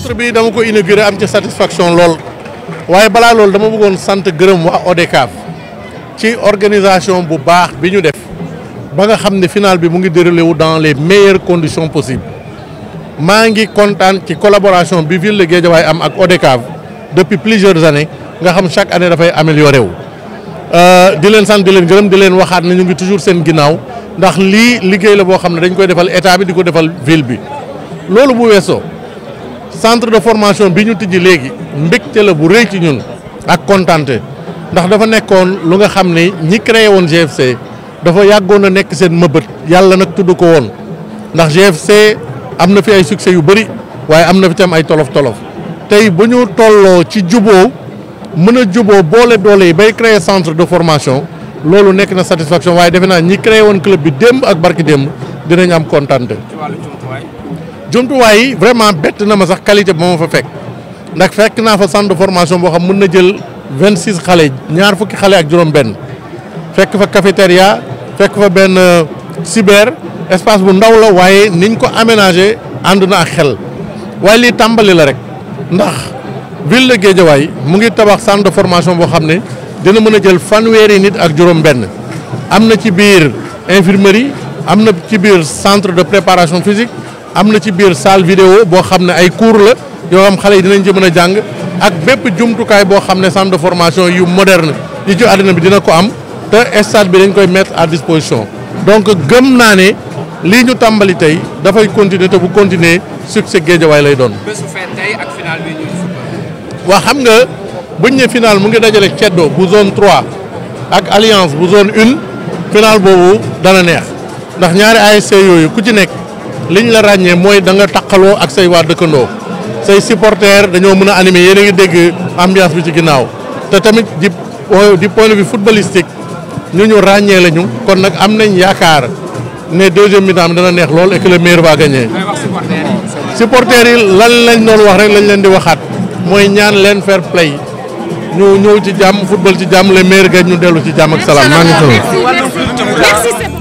centre bi dama ko inauguré am ci satisfaction lool waaye balaa loolu dama bëggoon sant gërëm waa ODCAV ci organisation bu baax bi ñu def ba nga xam ne final bi mu ngi déroulé wu dans les meilleures conditions possibles maa ngi kontaan ci collaboration bi ville de Guédiawaye am ak ODCAV depuis plusieurs années nga xam chaque année dafay amélioré wu. Euh, di leen sant di leen gërëm di leen waxaat na ñu ngi toujours seen ginnaaw ndax lii liggéey la boo xam ne dañ koy defal état bi di ko defal ville bi loolu bu weesoo. centre de formation bi ñu tijji léegi mbégte la bu rëy ci ñun ak kontante ndax dafa nekkoon lu nga xam ne ñi créé woon GFC dafa yàggoon a nekk seen mëbët yàlla nag tudd ko woon ndax GFC am na fi ay succès yu bëri waaye am na fi tam ay tolof tolof tey bu ñu tolloo ci juboo mën a juboo boole doole yi bay créer centre de formation loolu nekk na satisfaction waaye defe naa ñi créé woon club bi démb ak barki démb dinañ am kontante jumtuwaay yi vraiment bett na ma sax qualité bi ma fa fekk ndax fekk naa fa sant de formation boo xam ne mën na jël vingt six xale ñaar fukki xale ak juróom-benn fekk fa cafétéria fekk fa benn euh, cyber espace bu ndaw la waaye niñ ko aménagé ànd na ak xel waaye lii tàmbali la rek ndax ville de Guédiawaye mu ngi tabax centre de formation boo xam ne dina mën a jël fanweeri nit ak juróom-benn am na ci biir infirmerie am na ci biir centre de préparation physique. am na ci biir salle vidéo boo xam ne ay cours la yoo xam xale yi dinañ ci mën a jàng ak bépp jumtukaay boo xam ne centre de formation yu moderne yi ci àddina bi dina ko am te stade bi dañ koy mettre à disposition. donc gëm naa ne lii ñu tàmbali tey dafay continuer te bu continuer succès Guédiawaye lay doon. waa xam nga buñ ne final mu ngi dajale ceddo bu zone 3 ak alliance bu zone 1 final boobu dana neex ndax ñaari ASC yooyu ku ci nekk. liñ la ragné moy da nga takalo ak say wa dekkando say supporter dañu mëna anime animer yene a ngi dégg ambiance bi ci ginnaw té tamit di di point de vue footballistique ñu ñu ràññee lañu kon nak am nañ yaakar ne deuxième mi-temps dana neex lool et que le meilleur va gagner. supporter yi lan lañ doon wax rek lañ leen di waxat moy ñaan leen fair play ñu ñëw ci football ci jàmm le meilleur gagne ñu dellu ci jàmm ak ngi